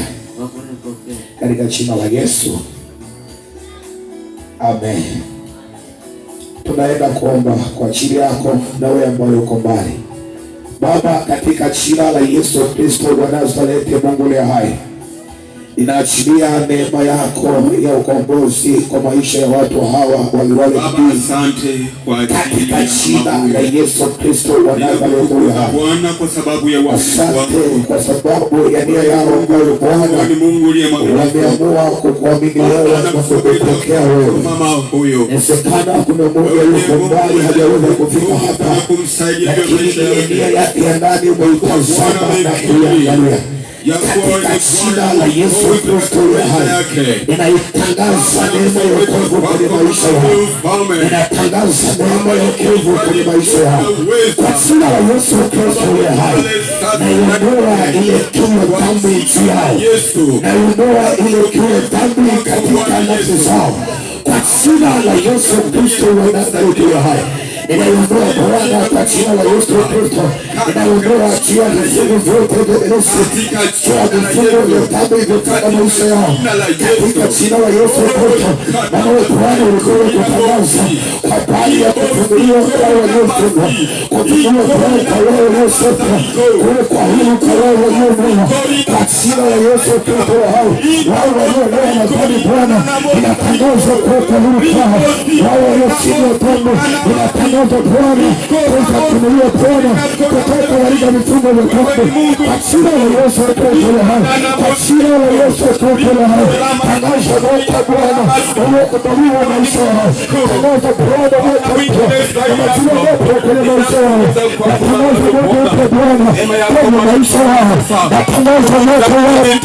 Pokea katika jina la Yesu, amen. Tunaenda kuomba kwa ajili yako na wewe ambaye uko mbali. Baba, katika jina la Yesu Kristo wa Nazareti, Mungu aliye hai inaashiria neema yako ya ukombozi kwa maisha ya watu hawa waliwale katika jina la Yesu Kristo wa Nazareti. Bwana, kwa sababu ya nia yao ambayo Bwana wameamua kukuamini wewe na kukupokea wewe. Inawezekana kuna mmoja yuko mbali hajaweza kufika hapa, lakini nia yake ya ndani umeitazama na kuiangalia katika jina la Yesu Kristo uwe hai. Ninaitangaza neema ya wokovu kwenye maisha yao, ninatangaza neema ya wokovu kwenye maisha yao kwa jina la Yesu Kristo uwe hai. Naiondoa ile kila dhambi juu yao, naiondoa ile kila dhambi katika nafsi zao kwa jina la Yesu Kristo uwe hai inaondoa baraka kwa jina la Yesu Kristo, inaondoa chia vifungu vyote vya Yesu, chia vifungu vya tabu vyotoka maisha yao katika jina la Yesu Kristo. Maana Bwana ulikuwa kutangaza kwa bali ya kufunguliwa kwa waliofungwa, kufunguliwa kwao kwa wale waliosota, kule kwa hili kwa wale walioumia, kwa jina la Yesu Kristo. Wao wao waliolewa na dhambi, Bwana inatangaza kuweka huru kwao. Wao waliochini wa dhambi inatangaza moto Bwana, kufunulia Bwana, kutoka katika vifungo vya kufa, achia Yesu kutoka hai, la Yesu kutoka hai, tangaza moto Bwana, unaokutaliwa maisha yao, tangaza Bwana moto mpya, unajua moto kwenye maisha yao, tangaza moto mpya Bwana kwenye maisha yao, tangaza moto wao